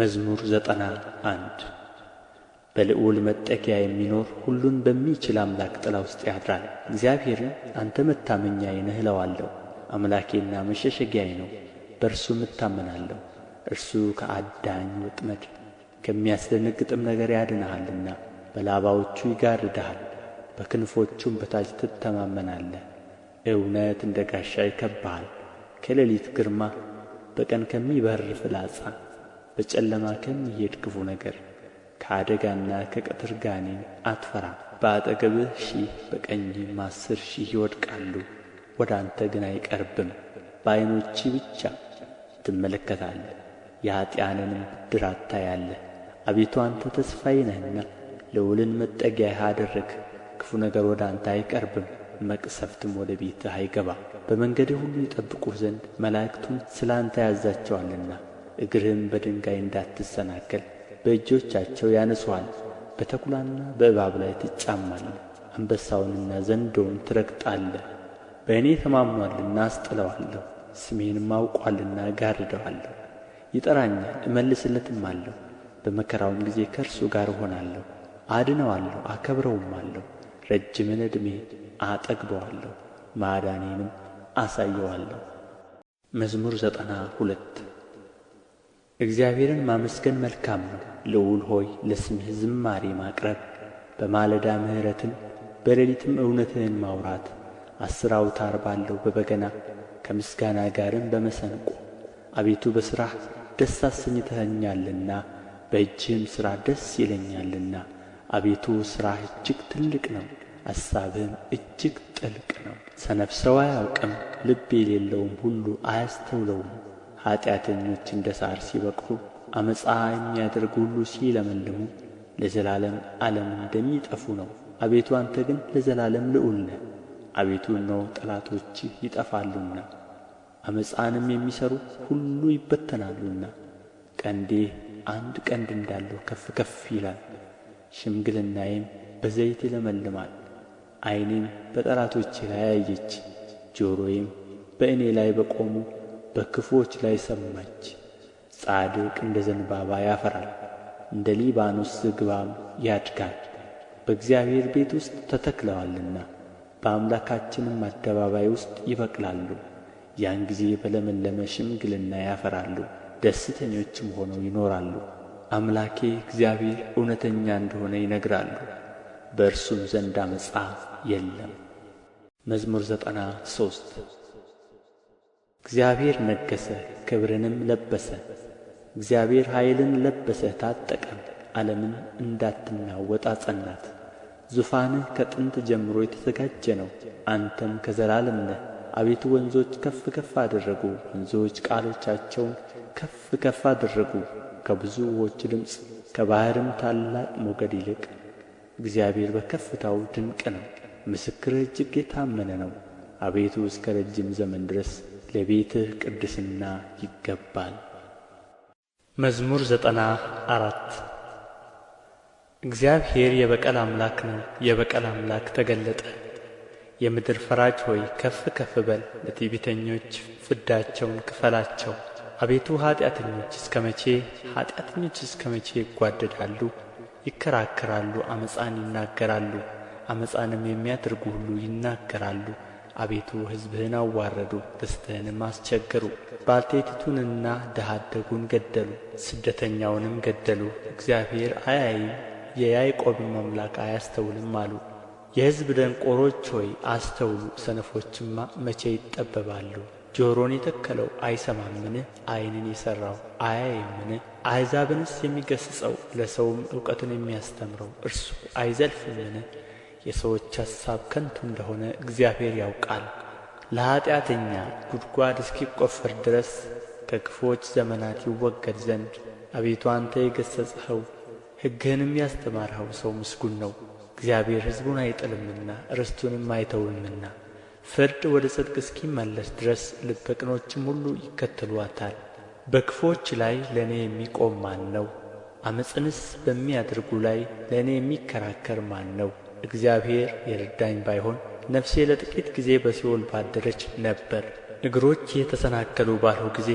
መዝሙር ዘጠና አንድ በልዑል መጠጊያ የሚኖር ሁሉን በሚችል አምላክ ጥላ ውስጥ ያድራል። እግዚአብሔርን አንተ መታመኛዬ ነህ እለዋለሁ። አምላኬና መሸሸጊያዬ ነው፣ በእርሱ እታመናለሁ። እርሱ ከአዳኝ ወጥመድ ከሚያስደነግጥም ነገር ያድንሃልና፣ በላባዎቹ ይጋርድሃል፣ በክንፎቹም በታች ትተማመናለህ። እውነት እንደ ጋሻ ይከብሃል፣ ከሌሊት ግርማ፣ በቀን ከሚበር ፍላጻ በጨለማ ከሚሄድ ክፉ ነገር ከአደጋና ከቀትር ጋኔን አትፈራም። በአጠገብህ ሺህ በቀኝህም አሥር ሺህ ይወድቃሉ፣ ወደ አንተ ግን አይቀርብም። በዐይኖች ብቻ ትመለከታለህ፣ የኀጢአንንም ድራታያለህ ታያለህ። አቤቱ አንተ ተስፋዬ ነህና ልዑልን መጠጊያህ አደረግ። ክፉ ነገር ወደ አንተ አይቀርብም፣ መቅሰፍትም ወደ ቤትህ አይገባ በመንገድህ ሁሉ ይጠብቁህ ዘንድ መላእክቱን ስለ አንተ ያዛቸዋልና እግርህም በድንጋይ እንዳትሰናከል። በእጆቻቸው ያነሱሃል፣ በተኩላና በእባብ ላይ ትጫማለ አንበሳውንና ዘንዶውን ትረግጣለ። በእኔ ተማምኗልና አስጥለዋለሁ፣ ስሜንም አውቋልና እጋርደዋለሁ። ይጠራኛል እመልስለትም አለሁ፣ በመከራውም ጊዜ ከእርሱ ጋር እሆናለሁ፣ አድነዋለሁ፣ አከብረውም አለሁ። ረጅምን ዕድሜ አጠግበዋለሁ፣ ማዳኔንም አሳየዋለሁ። መዝሙር ዘጠና ሁለት እግዚአብሔርን ማመስገን መልካም ነው። ልዑል ሆይ ለስምህ ዝማሬ ማቅረብ፣ በማለዳ ምሕረትን በሌሊትም እውነትህን ማውራት፣ አሥር አውታር ባለው በበገና ከምስጋና ጋርም በመሰንቆ። አቤቱ በሥራህ ደስ አሰኝተኸኛልና በእጅህም ሥራ ደስ ይለኛልና። አቤቱ ሥራህ እጅግ ትልቅ ነው፣ አሳብህም እጅግ ጥልቅ ነው። ሰነፍ ሰው አያውቅም፣ ልብ የሌለውም ሁሉ አያስተውለውም። ኃጢአተኞች እንደ ሣር ሲበቅሉ ዓመፃ የሚያደርጉ ሁሉ ሲለመልሙ ለዘላለም ዓለም እንደሚጠፉ ነው አቤቱ አንተ ግን ለዘላለም ልዑል ነህ አቤቱ እነሆ ጠላቶች ይጠፋሉና ዓመፃንም የሚሠሩ ሁሉ ይበተናሉና ቀንዴ አንድ ቀንድ እንዳለው ከፍ ከፍ ይላል ሽምግልናዬም በዘይት ይለመልማል ዐይኔም በጠላቶቼ ላይ አየች ጆሮዬም በእኔ ላይ በቆሙ በክፉዎች ላይ ሰማች። ጻድቅ እንደ ዘንባባ ያፈራል፣ እንደ ሊባኖስ ዝግባም ያድጋል። በእግዚአብሔር ቤት ውስጥ ተተክለዋልና በአምላካችንም አደባባይ ውስጥ ይበቅላሉ። ያን ጊዜ በለመለመ ሽምግልና ያፈራሉ፣ ደስተኞችም ሆነው ይኖራሉ። አምላኬ እግዚአብሔር እውነተኛ እንደሆነ ይነግራሉ፣ በእርሱም ዘንድ ዓመፃ የለም። መዝሙር ዘጠና ሶስት እግዚአብሔር ነገሠ፣ ክብርንም ለበሰ። እግዚአብሔር ኃይልን ለበሰ፣ ታጠቀም፣ ዓለምን እንዳትናወጥ አጸናት። ዙፋንህ ከጥንት ጀምሮ የተዘጋጀ ነው፣ አንተም ከዘላለም ነህ። አቤቱ ወንዞች ከፍ ከፍ አደረጉ፣ ወንዞች ቃሎቻቸውን ከፍ ከፍ አደረጉ። ከብዙ ውኆች ድምፅ ከባሕርም ታላቅ ሞገድ ይልቅ እግዚአብሔር በከፍታው ድንቅ ነው። ምስክርህ እጅግ የታመነ ነው። አቤቱ እስከ ረጅም ዘመን ድረስ ለቤትህ ቅድስና ይገባል። መዝሙር ዘጠና አራት እግዚአብሔር የበቀል አምላክ ነው፣ የበቀል አምላክ ተገለጠ። የምድር ፈራጅ ሆይ ከፍ ከፍ በል፣ ለትዕቢተኞች ፍዳቸውን ክፈላቸው። አቤቱ ኃጢአተኞች እስከ መቼ ኃጢአተኞች እስከ መቼ ይጓደዳሉ? ይከራከራሉ፣ አመፃን ይናገራሉ፣ አመፃንም የሚያደርጉ ሁሉ ይናገራሉ። አቤቱ ሕዝብህን አዋረዱ ርስትህንም አስቸገሩ ባልቴቲቱንና ድሀ አደጉን ገደሉ ስደተኛውንም ገደሉ እግዚአብሔር አያይም የያዕቆብም አምላክ አያስተውልም አሉ የሕዝብ ደንቆሮች ሆይ አስተውሉ ሰነፎችማ መቼ ይጠበባሉ ጆሮን የተከለው አይሰማምን ዓይንን የሠራው አያይምን አሕዛብንስ የሚገሥጸው ለሰውም እውቀትን የሚያስተምረው እርሱ አይዘልፍምን የሰዎች ሐሳብ ከንቱ እንደሆነ እግዚአብሔር ያውቃል ለኃጢአተኛ ጉድጓድ እስኪቈፈር ድረስ ከክፉዎች ዘመናት ይወገድ ዘንድ አቤቱ አንተ የገሠጽኸው ሕግህንም ያስተማርኸው ሰው ምስጉን ነው እግዚአብሔር ሕዝቡን አይጥልምና ርስቱንም አይተውምና ፍርድ ወደ ጽድቅ እስኪመለስ ድረስ ልበ ቅኖችም ሁሉ ይከተሏታል። በክፉዎች ላይ ለእኔ የሚቆም ማን ነው ዓመፅንስ በሚያደርጉ ላይ ለእኔ የሚከራከር ማን ነው እግዚአብሔር የረዳኝ ባይሆን ነፍሴ ለጥቂት ጊዜ በሲኦል ባደረች ነበር። እግሮች የተሰናከሉ ባልሁ ጊዜ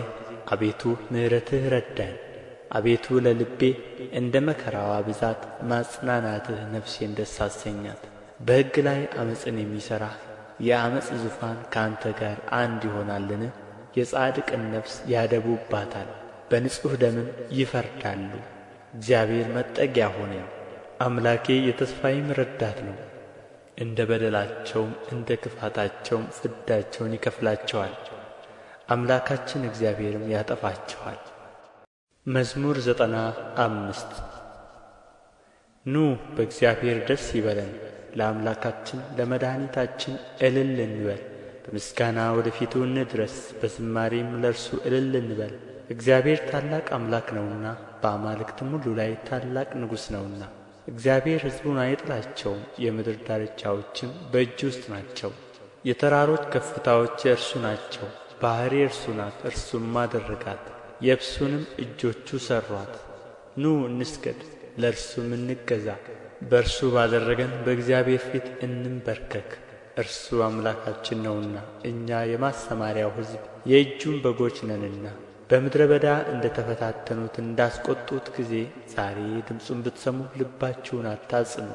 አቤቱ ምሕረትህ ረዳኝ። አቤቱ ለልቤ እንደ መከራዋ ብዛት ማጽናናትህ ነፍሴን ደስ አሰኛት። በሕግ ላይ ዓመፅን የሚሠራ የዓመፅ ዙፋን ከአንተ ጋር አንድ ይሆናልን? የጻድቅን ነፍስ ያደቡባታል፣ በንጹሕ ደምም ይፈርዳሉ። እግዚአብሔር መጠጊያ ሆነኝ አምላኬ የተስፋዬም ረዳት ነው እንደ በደላቸውም እንደ ክፋታቸውም ፍዳቸውን ይከፍላቸዋል አምላካችን እግዚአብሔርም ያጠፋቸዋል መዝሙር ዘጠና አምስት ኑ በእግዚአብሔር ደስ ይበለን ለአምላካችን ለመድኃኒታችን እልል እንበል በምስጋና ወደ ፊቱ እንድረስ በዝማሬም ለእርሱ እልል እንበል እግዚአብሔር ታላቅ አምላክ ነውና በአማልክትም ሁሉ ላይ ታላቅ ንጉሥ ነውና እግዚአብሔር ሕዝቡን አይጥላቸውም፣ የምድር ዳርቻዎችም በእጅ ውስጥ ናቸው። የተራሮች ከፍታዎች የእርሱ ናቸው፣ ባሕር የእርሱ ናት፣ እርሱም አደረጋት፣ የብሱንም እጆቹ ሠሯት። ኑ እንስገድ፣ ለእርሱም እንገዛ፣ በእርሱ ባደረገን በእግዚአብሔር ፊት እንንበርከክ። እርሱ አምላካችን ነውና እኛ የማሰማሪያው ሕዝብ የእጁን በጎች ነንና በምድረ በዳ እንደ ተፈታተኑት እንዳስቆጡት ጊዜ ዛሬ ድምፁን ብትሰሙ ልባችሁን አታጽኑ።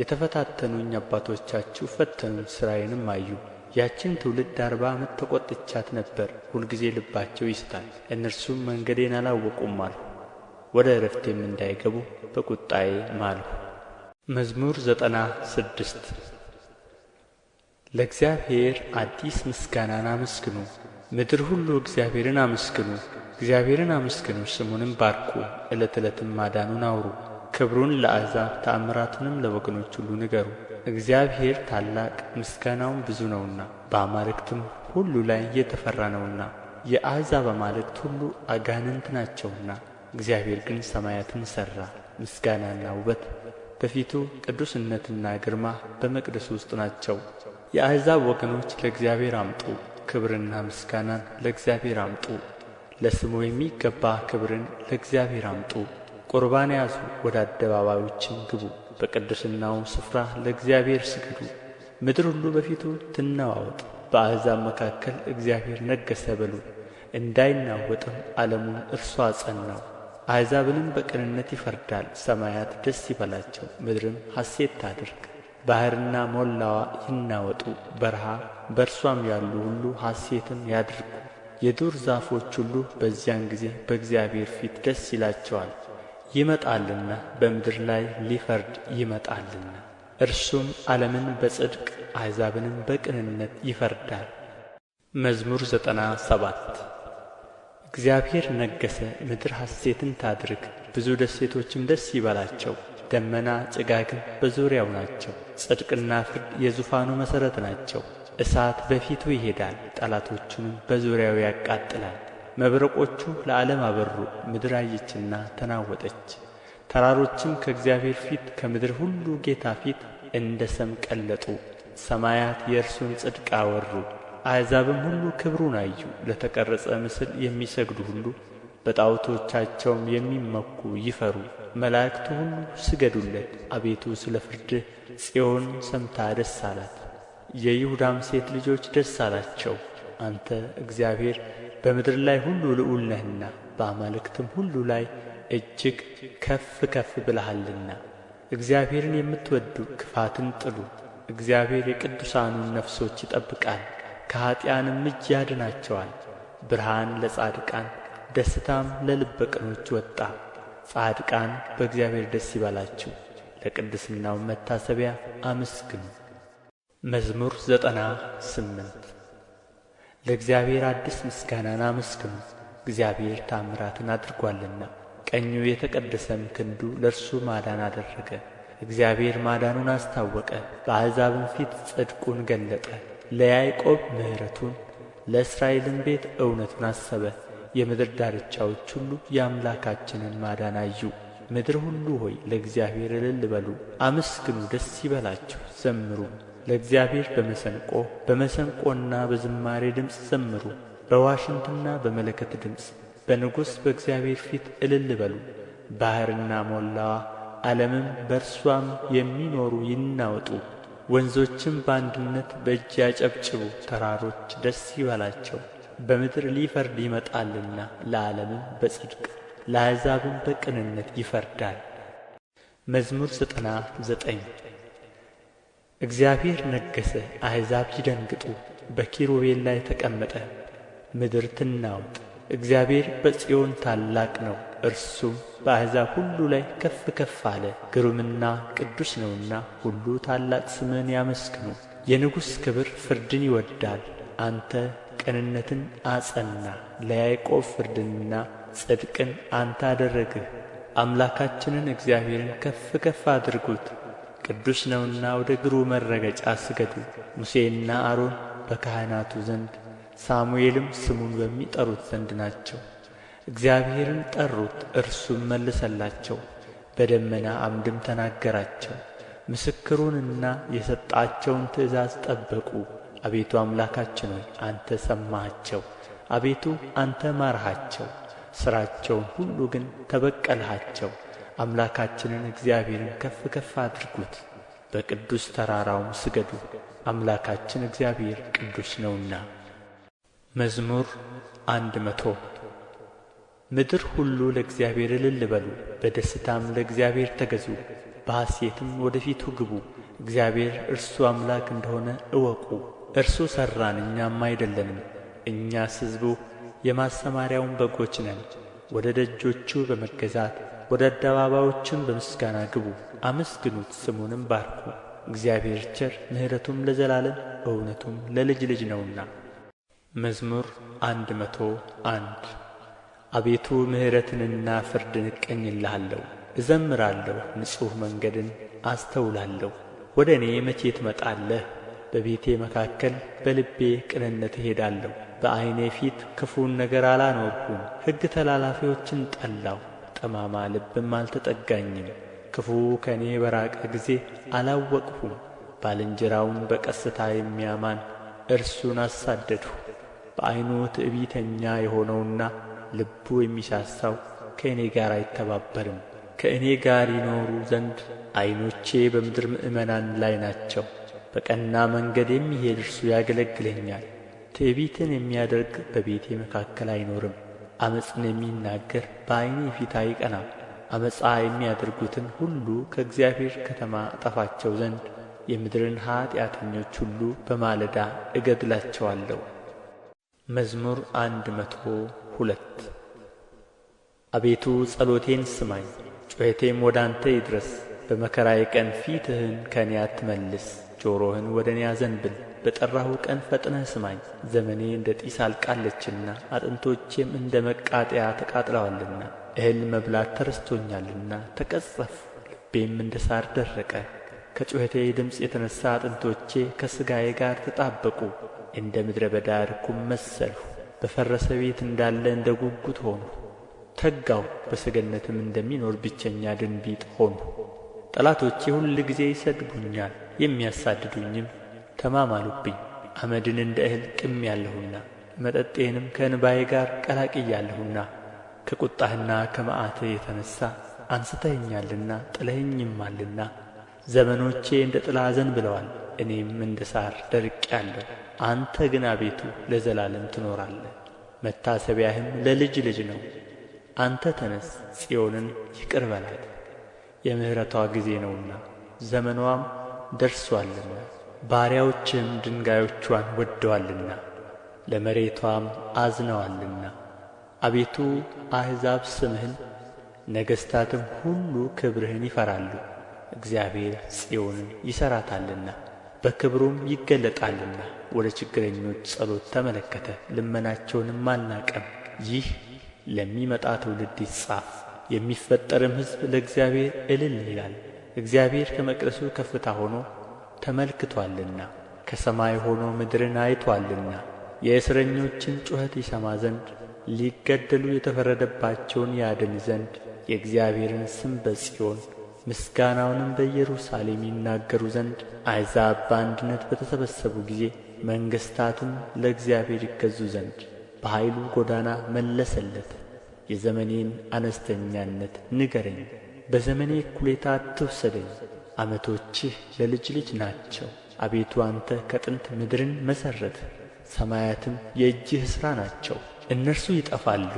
የተፈታተኑኝ አባቶቻችሁ ፈተኑኝ፣ ሥራዬንም አዩ። ያችን ትውልድ አርባ ዓመት ተቈጥቻት ነበር። ሁልጊዜ ልባቸው ይስታል፣ እነርሱም መንገዴን አላወቁም አልሁ። ወደ እረፍቴም እንዳይገቡ በቁጣዬ ማልሁ። መዝሙር ዘጠና ስድስት ለእግዚአብሔር አዲስ ምስጋናን አመስግኑ ምድር ሁሉ እግዚአብሔርን አመስግኑ፣ እግዚአብሔርን አመስግኑ፣ ስሙንም ባርኩ። ዕለት ዕለትም ማዳኑን አውሩ፣ ክብሩን ለአሕዛብ ተአምራቱንም ለወገኖች ሁሉ ንገሩ። እግዚአብሔር ታላቅ ምስጋናውም ብዙ ነውና በአማልክትም ሁሉ ላይ የተፈራ ነውና። የአሕዛብ አማልክት ሁሉ አጋንንት ናቸውና እግዚአብሔር ግን ሰማያትን ሠራ። ምስጋናና ውበት በፊቱ ቅዱስነትና ግርማ በመቅደሱ ውስጥ ናቸው። የአሕዛብ ወገኖች ለእግዚአብሔር አምጡ ክብርና ምስጋናን ለእግዚአብሔር አምጡ። ለስሙ የሚገባ ክብርን ለእግዚአብሔር አምጡ። ቁርባን ያዙ፣ ወደ አደባባዮችም ግቡ። በቅድስናው ስፍራ ለእግዚአብሔር ስግዱ። ምድር ሁሉ በፊቱ ትነዋወጥ። በአሕዛብ መካከል እግዚአብሔር ነገሰ በሉ። እንዳይናወጥም ዓለሙን እርሱ አጸናው። አሕዛብንም በቅንነት ይፈርዳል። ሰማያት ደስ ይበላቸው፣ ምድርም ሐሴት ታድርግ። ባሕርና ሞላዋ ይናወጡ፣ በረሃ በእርሷም ያሉ ሁሉ ሐሴትን ያድርጉ። የዱር ዛፎች ሁሉ በዚያን ጊዜ በእግዚአብሔር ፊት ደስ ይላቸዋል። ይመጣልና በምድር ላይ ሊፈርድ ይመጣልና፣ እርሱም ዓለምን በጽድቅ አሕዛብንም በቅንነት ይፈርዳል። መዝሙር ዘጠና ሰባት እግዚአብሔር ነገሠ፣ ምድር ሐሴትን ታድርግ፣ ብዙ ደሴቶችም ደስ ይበላቸው። ደመና ጭጋግም በዙሪያው ናቸው። ጽድቅና ፍርድ የዙፋኑ መሠረት ናቸው። እሳት በፊቱ ይሄዳል፣ ጠላቶቹንም በዙሪያው ያቃጥላል። መብረቆቹ ለዓለም አበሩ፣ ምድር አየችና ተናወጠች። ተራሮችም ከእግዚአብሔር ፊት ከምድር ሁሉ ጌታ ፊት እንደ ሰም ቀለጡ። ሰማያት የእርሱን ጽድቅ አወሩ፣ አሕዛብም ሁሉ ክብሩን አዩ። ለተቀረጸ ምስል የሚሰግዱ ሁሉ በጣዖቶቻቸውም የሚመኩ ይፈሩ መላእክቱ ሁሉ ስገዱለት አቤቱ ስለ ፍርድህ ጽዮን ሰምታ ደስ አላት የይሁዳም ሴት ልጆች ደስ አላቸው አንተ እግዚአብሔር በምድር ላይ ሁሉ ልዑል ነህና በአማልክትም ሁሉ ላይ እጅግ ከፍ ከፍ ብለሃልና እግዚአብሔርን የምትወዱ ክፋትን ጥሉ እግዚአብሔር የቅዱሳኑን ነፍሶች ይጠብቃል ከኀጢአንም እጅ ያድናቸዋል ብርሃን ለጻድቃን ደስታም ለልበ ቅኖች ወጣ ጻድቃን በእግዚአብሔር ደስ ይበላችሁ ለቅድስናው መታሰቢያ አመስግኑ መዝሙር ዘጠና ስምንት ለእግዚአብሔር አዲስ ምስጋናን አመስግኑ እግዚአብሔር ታምራትን አድርጓልና ቀኙ የተቀደሰም ክንዱ ለእርሱ ማዳን አደረገ እግዚአብሔር ማዳኑን አስታወቀ፣ በአሕዛብም ፊት ጽድቁን ገለጠ። ለያዕቆብ ምሕረቱን ለእስራኤልም ቤት እውነቱን አሰበ። የምድር ዳርቻዎች ሁሉ የአምላካችንን ማዳን አዩ። ምድር ሁሉ ሆይ ለእግዚአብሔር እልል በሉ፣ አመስግኑ፣ ደስ ይበላችሁ፣ ዘምሩ። ለእግዚአብሔር በመሰንቆ በመሰንቆና በዝማሬ ድምፅ ዘምሩ፣ በዋሽንትና በመለከት ድምፅ በንጉሥ በእግዚአብሔር ፊት እልል በሉ። ባሕርና ሞላዋ ዓለምም በእርሷም የሚኖሩ ይናወጡ። ወንዞችም በአንድነት በእጅ ያጨብጭቡ፣ ተራሮች ደስ ይበላቸው። በምድር ሊፈርድ ይመጣልና ለዓለምም በጽድቅ ለአሕዛብም በቅንነት ይፈርዳል። መዝሙር ዘጠና ዘጠኝ እግዚአብሔር ነገሠ፣ አሕዛብ ይደንግጡ። በኪሩቤል ላይ ተቀመጠ፣ ምድር ትናውጥ። እግዚአብሔር በጽዮን ታላቅ ነው፣ እርሱም በአሕዛብ ሁሉ ላይ ከፍ ከፍ አለ። ግሩምና ቅዱስ ነውና ሁሉ ታላቅ ስምህን ያመስግኑ። የንጉሥ ክብር ፍርድን ይወዳል። አንተ ቅንነትን አጸና፣ ለያዕቆብ ፍርድንና ጽድቅን አንተ አደረግህ። አምላካችንን እግዚአብሔርን ከፍ ከፍ አድርጉት፣ ቅዱስ ነውና ወደ እግሩ መረገጫ ስገዱ። ሙሴና አሮን በካህናቱ ዘንድ ሳሙኤልም ስሙን በሚጠሩት ዘንድ ናቸው። እግዚአብሔርን ጠሩት፣ እርሱም መልሰላቸው በደመና አምድም ተናገራቸው። ምስክሩንና የሰጣቸውን ትእዛዝ ጠበቁ። አቤቱ አምላካችን ሆይ አንተ ሰማሃቸው፣ አቤቱ አንተ ማርሃቸው፣ ሥራቸውን ሁሉ ግን ተበቀልሃቸው። አምላካችንን እግዚአብሔርን ከፍ ከፍ አድርጉት፣ በቅዱስ ተራራውም ስገዱ፣ አምላካችን እግዚአብሔር ቅዱስ ነውና። መዝሙር አንድ መቶ ምድር ሁሉ ለእግዚአብሔር እልል በሉ፣ በደስታም ለእግዚአብሔር ተገዙ፣ በሐሴትም ወደ ፊቱ ግቡ። እግዚአብሔር እርሱ አምላክ እንደሆነ እወቁ። እርሱ ሠራን እኛም አይደለንም፣ እኛስ ሕዝቡ የማሰማሪያውን በጎች ነን። ወደ ደጆቹ በመገዛት ወደ አደባባዮችም በምስጋና ግቡ፣ አመስግኑት፣ ስሙንም ባርኩ። እግዚአብሔር ቸር፣ ምሕረቱም ለዘላለም እውነቱም ለልጅ ልጅ ነውና። መዝሙር አንድ መቶ አንድ አቤቱ ምሕረትንና ፍርድን እቀኝልሃለሁ እዘምራለሁ፣ ንጹሕ መንገድን አስተውላለሁ። ወደ እኔ መቼ ትመጣለህ? በቤቴ መካከል በልቤ ቅንነት እሄዳለሁ። በዐይኔ ፊት ክፉን ነገር አላኖርሁም። ሕግ ተላላፊዎችን ጠላሁ፣ ጠማማ ልብም አልተጠጋኝም። ክፉ ከእኔ በራቀ ጊዜ አላወቅሁም። ባልንጀራውን በቀስታ የሚያማን እርሱን አሳደድሁ። በዐይኑ ትዕቢተኛ የሆነውና ልቡ የሚሳሳው ከእኔ ጋር አይተባበርም። ከእኔ ጋር ይኖሩ ዘንድ ዐይኖቼ በምድር ምእመናን ላይ ናቸው። በቀና መንገድ የሚሄድ እርሱ ያገለግለኛል። ትዕቢትን የሚያደርግ በቤቴ መካከል አይኖርም። ዓመፅን የሚናገር በዐይኔ ፊት አይቀናም። ዓመፃ የሚያደርጉትን ሁሉ ከእግዚአብሔር ከተማ አጠፋቸው ዘንድ የምድርን ኀጢአተኞች ሁሉ በማለዳ እገድላቸዋለሁ። መዝሙር አንድ መቶ ሁለት አቤቱ ጸሎቴን ስማኝ ጩኸቴም ወደ አንተ ይድረስ በመከራዬ ቀን ፊትህን ከእኔ አትመልስ ጆሮህን ወደ እኔ አዘንብል በጠራሁ ቀን ፈጥነህ ስማኝ ዘመኔ እንደ ጢስ አልቃለችና አጥንቶቼም እንደ መቃጠያ ተቃጥለዋልና እህል መብላት ተረስቶኛልና ተቀጸፍሁ ልቤም እንደ ሳር ደረቀ ከጩኸቴ ድምፅ የተነሣ አጥንቶቼ ከሥጋዬ ጋር ተጣበቁ እንደ ምድረ በዳ እርኩም መሰልሁ በፈረሰ ቤት እንዳለ እንደ ጉጉት ሆንሁ ተጋው በሰገነትም እንደሚኖር ብቸኛ ድንቢጥ ሆኑ ጠላቶቼ ሁል ጊዜ ይሰድቡኛል፣ የሚያሳድዱኝም ተማማሉብኝ። አመድን እንደ እህል ቅም ያለሁና መጠጤንም ከእንባዬ ጋር ቀላቅያለሁና ከቁጣህና ከመዓትህ የተነሣ አንስተኸኛልና ጥለኸኝማልና። ዘመኖቼ እንደ ጥላ ብለዋል እኔም እንደ ደርቅ ደርቄአለሁ። አንተ ግን አቤቱ ለዘላለም ትኖራለህ፣ መታሰቢያህም ለልጅ ልጅ ነው። አንተ ተነስ ጽዮንን ይቅር በላት የምሕረቷ ጊዜ ነውና ዘመንዋም ደርሶአልና ባሪያዎችህም ድንጋዮችዋን ወደዋልና ለመሬቷም አዝነዋልና አቤቱ አሕዛብ ስምህን ነገሥታትም ሁሉ ክብርህን ይፈራሉ እግዚአብሔር ጽዮንን ይሠራታልና በክብሩም ይገለጣልና ወደ ችግረኞች ጸሎት ተመለከተ ልመናቸውንም አልናቀም ይህ ለሚመጣ ትውልድ ይጻፍ። የሚፈጠርም ሕዝብ ለእግዚአብሔር እልል ይላል። እግዚአብሔር ከመቅደሱ ከፍታ ሆኖ ተመልክቶአልና ከሰማይ ሆኖ ምድርን አይቶአልና የእስረኞችን ጩኸት ይሰማ ዘንድ ሊገደሉ የተፈረደባቸውን ያድን ዘንድ የእግዚአብሔርን ስም በጽዮን ምስጋናውንም በኢየሩሳሌም ይናገሩ ዘንድ አሕዛብ በአንድነት በተሰበሰቡ ጊዜ መንግሥታትም ለእግዚአብሔር ይገዙ ዘንድ በኃይሉ ጎዳና መለሰለት። የዘመኔን አነስተኛነት ንገረኝ፣ በዘመኔ እኵሌታ አትውሰደኝ። ዓመቶችህ ለልጅ ልጅ ናቸው። አቤቱ አንተ ከጥንት ምድርን መሠረት፣ ሰማያትም የእጅህ ሥራ ናቸው። እነርሱ ይጠፋሉ፣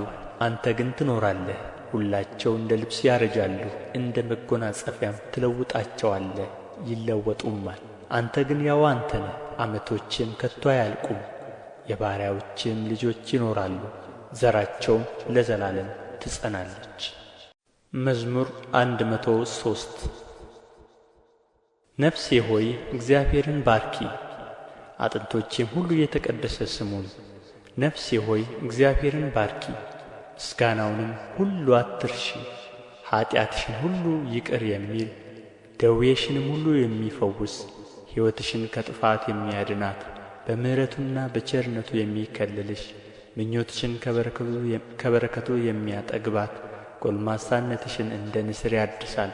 አንተ ግን ትኖራለህ። ሁላቸው እንደ ልብስ ያረጃሉ፣ እንደ መጎናጸፊያም ትለውጣቸዋለህ፣ ይለወጡማል። አንተ ግን ያው አንተ ነህ፣ ዓመቶችም ከቶ አያልቁም። የባሪያዎችህም ልጆች ይኖራሉ፣ ዘራቸውም ለዘላለም ትጸናለች። መዝሙር አንድ መቶ ሶስት ነፍሴ ሆይ እግዚአብሔርን ባርኪ፣ አጥንቶቼም ሁሉ የተቀደሰ ስሙን። ነፍሴ ሆይ እግዚአብሔርን ባርኪ፣ ምስጋናውንም ሁሉ አትርሺ። ኀጢአትሽን ሁሉ ይቅር የሚል ደዌሽንም ሁሉ የሚፈውስ ሕይወትሽን ከጥፋት የሚያድናት በምሕረቱና በቸርነቱ የሚከልልሽ ምኞትሽን ከበረከቱ የሚያጠግባት ጎልማሳነትሽን እንደ ንስር ያድሳል።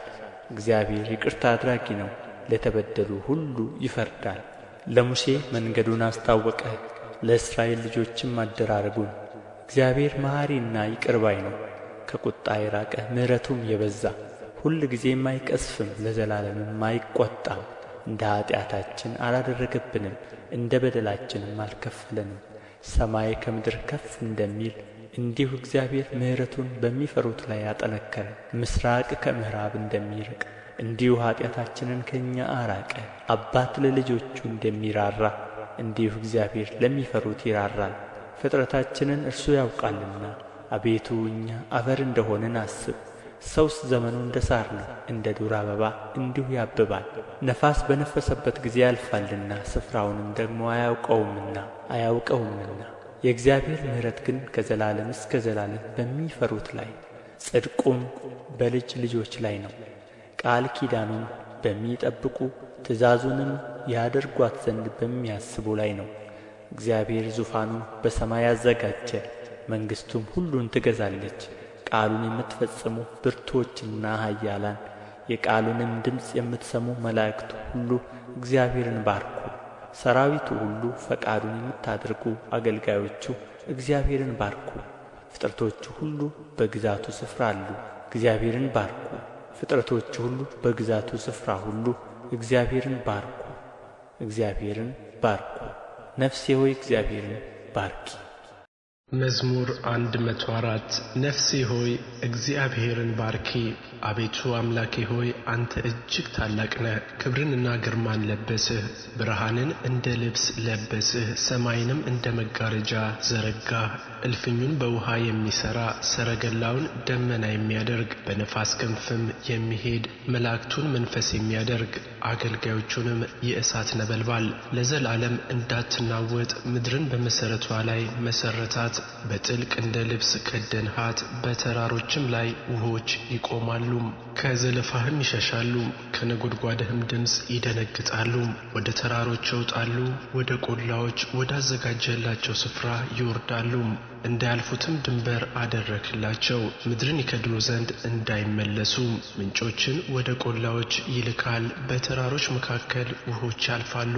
እግዚአብሔር ይቅርታ አድራጊ ነው፣ ለተበደሉ ሁሉ ይፈርዳል። ለሙሴ መንገዱን አስታወቀ፣ ለእስራኤል ልጆችም አደራረጉን። እግዚአብሔር መሐሪና ይቅር ባይ ነው፣ ከቁጣ የራቀ ምሕረቱም የበዛ ሁል ጊዜም አይቀስፍም፣ ለዘላለምም አይቈጣም። እንደ ኃጢአታችን አላደረገብንም እንደ በደላችንም አልከፈለንም ሰማይ ከምድር ከፍ እንደሚል እንዲሁ እግዚአብሔር ምሕረቱን በሚፈሩት ላይ አጠነከረ ምሥራቅ ከምዕራብ እንደሚርቅ እንዲሁ ኃጢአታችንን ከእኛ አራቀ አባት ለልጆቹ እንደሚራራ እንዲሁ እግዚአብሔር ለሚፈሩት ይራራል ፍጥረታችንን እርሱ ያውቃልና አቤቱ እኛ አፈር እንደሆንን አስብ ሰውስ ዘመኑ እንደ ሳር ነው፣ እንደ ዱር አበባ እንዲሁ ያብባል። ነፋስ በነፈሰበት ጊዜ ያልፋልና ስፍራውንም ደግሞ አያውቀውምና አያውቀውምና የእግዚአብሔር ምሕረት ግን ከዘላለም እስከ ዘላለም በሚፈሩት ላይ ጽድቁም በልጅ ልጆች ላይ ነው። ቃል ኪዳኑን በሚጠብቁ ትእዛዙንም ያደርጓት ዘንድ በሚያስቡ ላይ ነው። እግዚአብሔር ዙፋኑን በሰማይ አዘጋጀ፣ መንግሥቱም ሁሉን ትገዛለች። ቃሉን የምትፈጽሙ ብርቱዎችና ኃያላን የቃሉንም ድምፅ የምትሰሙ መላእክቱ ሁሉ እግዚአብሔርን ባርኩ ሰራዊቱ ሁሉ ፈቃዱን የምታደርጉ አገልጋዮቹ እግዚአብሔርን ባርኩ ፍጥረቶቹ ሁሉ በግዛቱ ስፍራ አሉ እግዚአብሔርን ባርኩ ፍጥረቶቹ ሁሉ በግዛቱ ስፍራ ሁሉ እግዚአብሔርን ባርኩ እግዚአብሔርን ባርኩ ነፍሴ ሆይ እግዚአብሔርን ባርኪ መዝሙር መቶ አራት ነፍሴ ሆይ እግዚአብሔርን ባርኪ አቤቱ አምላኬ ሆይ አንተ እጅግ ታላቅ ነህ ክብርንና ግርማን ለበስህ ብርሃንን እንደ ልብስ ለበስህ ሰማይንም እንደ መጋረጃ ዘረጋህ እልፍኙን በውኃ የሚሠራ ሰረገላውን ደመና የሚያደርግ በነፋስ ክንፍም የሚሄድ መላእክቱን መንፈስ የሚያደርግ አገልጋዮቹንም የእሳት ነበልባል ለዘላለም እንዳትናወጥ ምድርን በመሠረትዋ ላይ መሠረታት በጥልቅ እንደ ልብስ ከደንሃት በተራሮችም ላይ ውኆች ይቆማሉ ከዘለፋህም ይሸሻሉ ከነጐድጓድህም ድምፅ ይደነግጣሉ ወደ ተራሮች ይወጣሉ ወደ ቈላዎች ወዳዘጋጀህላቸው ስፍራ ይወርዳሉ እንዳያልፉትም ድንበር አደረግህላቸው ምድርን ይከድኑ ዘንድ እንዳይመለሱ ምንጮችን ወደ ቈላዎች ይልካል በተራሮች መካከል ውኆች ያልፋሉ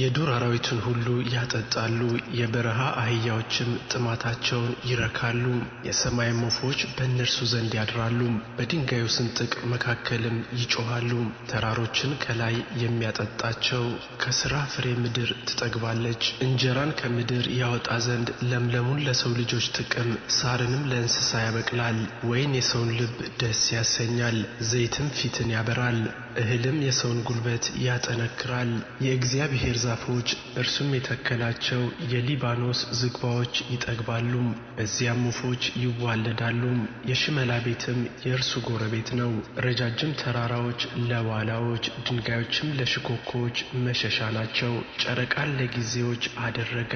የዱር አራዊትን ሁሉ ያጠጣሉ የበረሃ አህያዎችም ጥማታቸውን ይረካሉ የሰማይም ወፎች በእነርሱ ዘንድ ያድራሉ በድንጋዩ ስንጥቅ መካከልም ይጮኻሉ ተራሮችን ከላይ የሚያጠጣቸው ከሥራ ፍሬ ምድር ትጠግባለች እንጀራን ከምድር ያወጣ ዘንድ ለምለሙን ለሰው ልጆች ጥቅም ሣርንም ለእንስሳ ያበቅላል ወይን የሰውን ልብ ደስ ያሰኛል ዘይትም ፊትን ያበራል እህልም የሰውን ጕልበት ያጠነክራል የእግዚአብሔር ዛፎች እርሱም የተከላቸው የሊባኖስ ዝግባዎች ይጠግባሉ በዚያም ወፎች ይዋለዳሉ የሽመላ ቤትም የእርሱ ጎረቤት ነው ረጃጅም ተራራዎች ለዋላዎች ድንጋዮችም ለሽኮኮዎች መሸሻ ናቸው ጨረቃን ለጊዜዎች አደረገ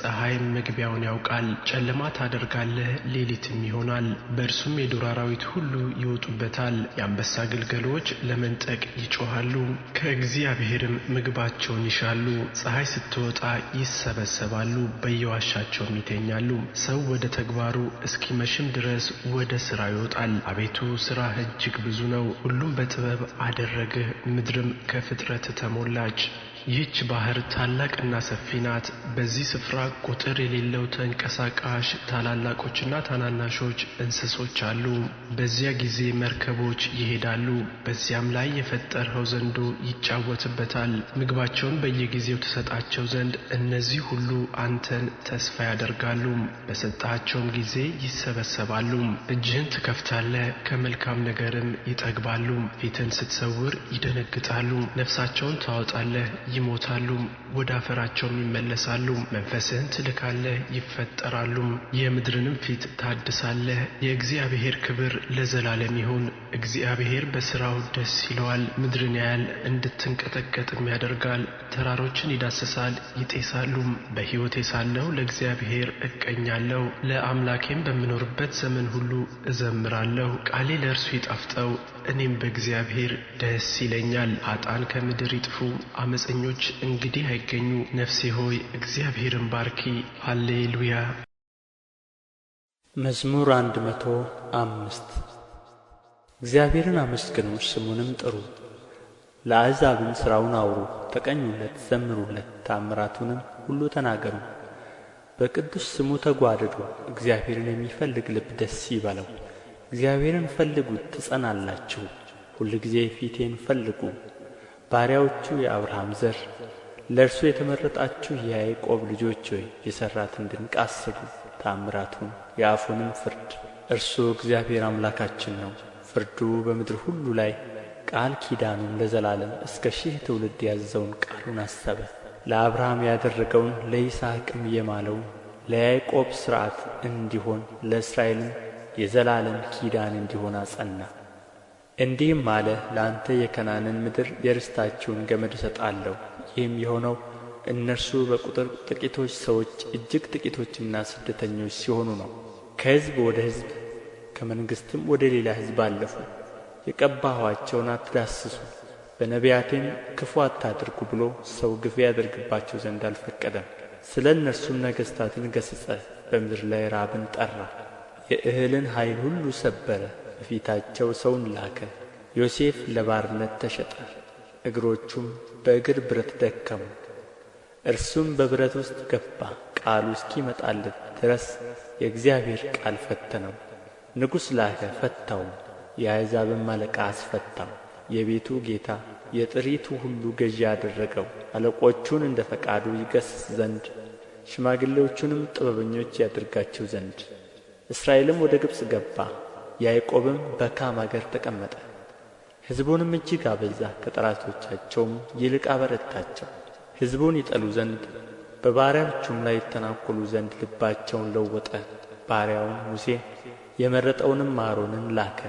ፀሐይም መግቢያውን ያውቃል ጨለማ ታደርጋለህ ሌሊትም ይሆናል በእርሱም የዱር አራዊት ሁሉ ይወጡበታል የአንበሳ ግልገሎች ለመንጠቅ ይጮኻሉ ከእግዚአብሔርም ምግባቸውን ይሻሉ ፀሐይ ስትወጣ ይሰበሰባሉ በየዋሻቸውም ይተኛሉ ሰው ወደ ተግባሩ እስኪመሽም ድረስ ወደ ሥራ ይወጣል አቤቱ ሥራህ እጅግ ብዙ ነው ሁሉም በጥበብ አደረግህ ምድርም ከፍጥረትህ ተሞላች ይህች ባሕር ታላቅና ሰፊ ናት በዚህ ስፍራ ቍጥር የሌለው ተንቀሳቃሽ ታላላቆችና ታናናሾች እንስሶች አሉ በዚያ ጊዜ መርከቦች ይሄዳሉ በዚያም ላይ የፈጠርኸው ዘንዶ ይጫወትበታል ምግባቸውን በየጊዜው ትሰጣቸው ዘንድ እነዚህ ሁሉ አንተን ተስፋ ያደርጋሉ በሰጠሃቸውም ጊዜ ይሰበሰባሉ እጅህን ትከፍታለህ ከመልካም ነገርም ይጠግባሉ ፊትን ስትሰውር ይደነግጣሉ ነፍሳቸውን ታወጣለህ ይሞታሉም፣ ወደ አፈራቸውም ይመለሳሉ። መንፈስህን ትልካለህ ይፈጠራሉም፣ የምድርንም ፊት ታድሳለህ። የእግዚአብሔር ክብር ለዘላለም ይሁን። እግዚአብሔር በሥራው ደስ ይለዋል። ምድርን ያያል እንድትንቀጠቀጥም ያደርጋል። ተራሮችን ይዳስሳል ይጤሳሉ በሕይወቴ ሳለሁ ለእግዚአብሔር እቀኛለሁ፣ ለአምላኬም በምኖርበት ዘመን ሁሉ እዘምራለሁ። ቃሌ ለእርሱ ይጣፍጠው እኔም በእግዚአብሔር ደስ ይለኛል ኀጥኣን ከምድር ይጥፉ ዓመፀኞች እንግዲህ አይገኙ ነፍሴ ሆይ እግዚአብሔርን ባርኪ ሃሌ ሉያ መዝሙር አንድ መቶ አምስት እግዚአብሔርን አመስግኑ ስሙንም ጥሩ ለአሕዛብን ሥራውን አውሩ ተቀኙለት ዘምሩለት ታምራቱንም ሁሉ ተናገሩ በቅዱስ ስሙ ተጓደዱ እግዚአብሔርን የሚፈልግ ልብ ደስ ይበለው እግዚአብሔርን ፈልጉት ትጸናላችሁ፣ ሁልጊዜ ፊቴን ፈልጉ። ባሪያዎቹ የአብርሃም ዘር ለእርሱ የተመረጣችሁ የያዕቆብ ልጆች ሆይ የሠራትን ድንቅ አስቡ፣ ታምራቱን የአፉንም ፍርድ። እርሱ እግዚአብሔር አምላካችን ነው፣ ፍርዱ በምድር ሁሉ ላይ ቃል ኪዳኑን ለዘላለም እስከ ሺህ ትውልድ ያዘውን ቃሉን አሰበ። ለአብርሃም ያደረገውን ለይስሐቅም የማለውን ለያዕቆብ ሥርዓት እንዲሆን ለእስራኤልም የዘላለም ኪዳን እንዲሆን አጸና። እንዲህም አለ፣ ለአንተ የከናንን ምድር የርስታችሁን ገመድ እሰጣለሁ። ይህም የሆነው እነርሱ በቁጥር ጥቂቶች ሰዎች እጅግ ጥቂቶችና ስደተኞች ሲሆኑ ነው። ከሕዝብ ወደ ሕዝብ ከመንግሥትም ወደ ሌላ ሕዝብ አለፉ። የቀባኋቸውን አትዳስሱ፣ በነቢያቴም ክፉ አታድርጉ ብሎ ሰው ግፍ ያደርግባቸው ዘንድ አልፈቀደም። ስለ እነርሱም ነገሥታትን ገሠጸ፣ በምድር ላይ ራብን ጠራ። የእህልን ኃይል ሁሉ ሰበረ። በፊታቸው ሰውን ላከ። ዮሴፍ ለባርነት ተሸጠ፣ እግሮቹም በእግር ብረት ደከሙ። እርሱም በብረት ውስጥ ገባ፣ ቃሉ እስኪመጣለት ድረስ የእግዚአብሔር ቃል ፈተነው። ንጉሥ ላከ፣ ፈታውም፣ የአሕዛብም አለቃ አስፈታው። የቤቱ ጌታ የጥሪቱ ሁሉ ገዢ አደረገው። አለቆቹን እንደ ፈቃዱ ይገሥጽ ዘንድ ሽማግሌዎቹንም ጥበበኞች ያደርጋቸው ዘንድ እስራኤልም ወደ ግብፅ ገባ ያዕቆብም በካም አገር ተቀመጠ ሕዝቡንም እጅግ አበዛ ከጠላቶቻቸውም ይልቅ አበረታቸው ሕዝቡን ይጠሉ ዘንድ በባሪያዎቹም ላይ ይተናኰሉ ዘንድ ልባቸውን ለወጠ ባሪያውን ሙሴን የመረጠውንም አሮንን ላከ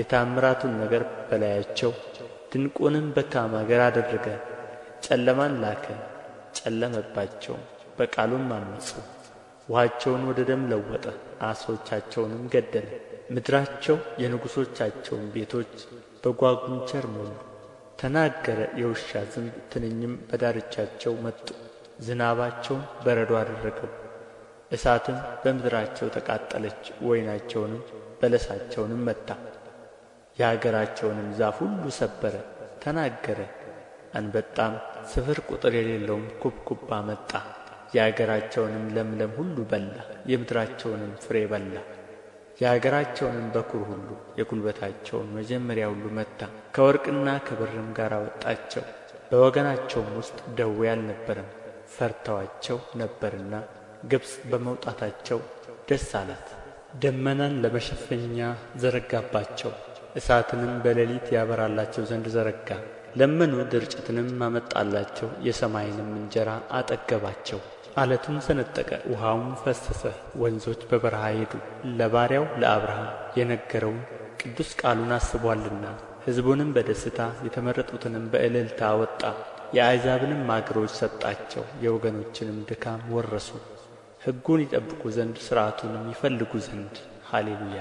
የታምራቱን ነገር በላያቸው ድንቁንም በካም አገር አደረገ ጨለማን ላከ ጨለመባቸውም በቃሉም አመፁ ውኃቸውን ወደ ደም ለወጠ፣ ዓሦቻቸውንም ገደለ። ምድራቸው የንጉሦቻቸውን ቤቶች በጓጉንቸር ሞሉ። ተናገረ የውሻ ዝንብ፣ ትንኝም በዳርቻቸው መጡ። ዝናባቸውን በረዶ አደረገው፣ እሳትም በምድራቸው ተቃጠለች። ወይናቸውንም በለሳቸውንም መታ፣ የአገራቸውንም ዛፍ ሁሉ ሰበረ። ተናገረ አንበጣም ስፍር ቁጥር የሌለውም ኩብኩባ መጣ። የአገራቸውንም ለምለም ሁሉ በላ፣ የምድራቸውንም ፍሬ በላ። የአገራቸውንም በኩር ሁሉ የጉልበታቸውን መጀመሪያ ሁሉ መታ፣ ከወርቅና ከብርም ጋር አወጣቸው። በወገናቸውም ውስጥ ደዌ አልነበረም፣ ፈርተዋቸው ነበርና ግብፅ በመውጣታቸው ደስ አላት። ደመናን ለመሸፈኛ ዘረጋባቸው፣ እሳትንም በሌሊት ያበራላቸው ዘንድ ዘረጋ። ለመኑ ድርጭትንም አመጣላቸው፣ የሰማይንም እንጀራ አጠገባቸው። አለቱን ሰነጠቀ፣ ውሃውም ፈሰሰ፣ ወንዞች በበረሃ ሄዱ። ለባሪያው ለአብርሃም የነገረውን ቅዱስ ቃሉን አስቧልና ሕዝቡንም በደስታ የተመረጡትንም በእልልታ አወጣ። የአሕዛብንም አገሮች ሰጣቸው፣ የወገኖችንም ድካም ወረሱ። ሕጉን ይጠብቁ ዘንድ ሥርዓቱንም ይፈልጉ ዘንድ ሃሌሉያ።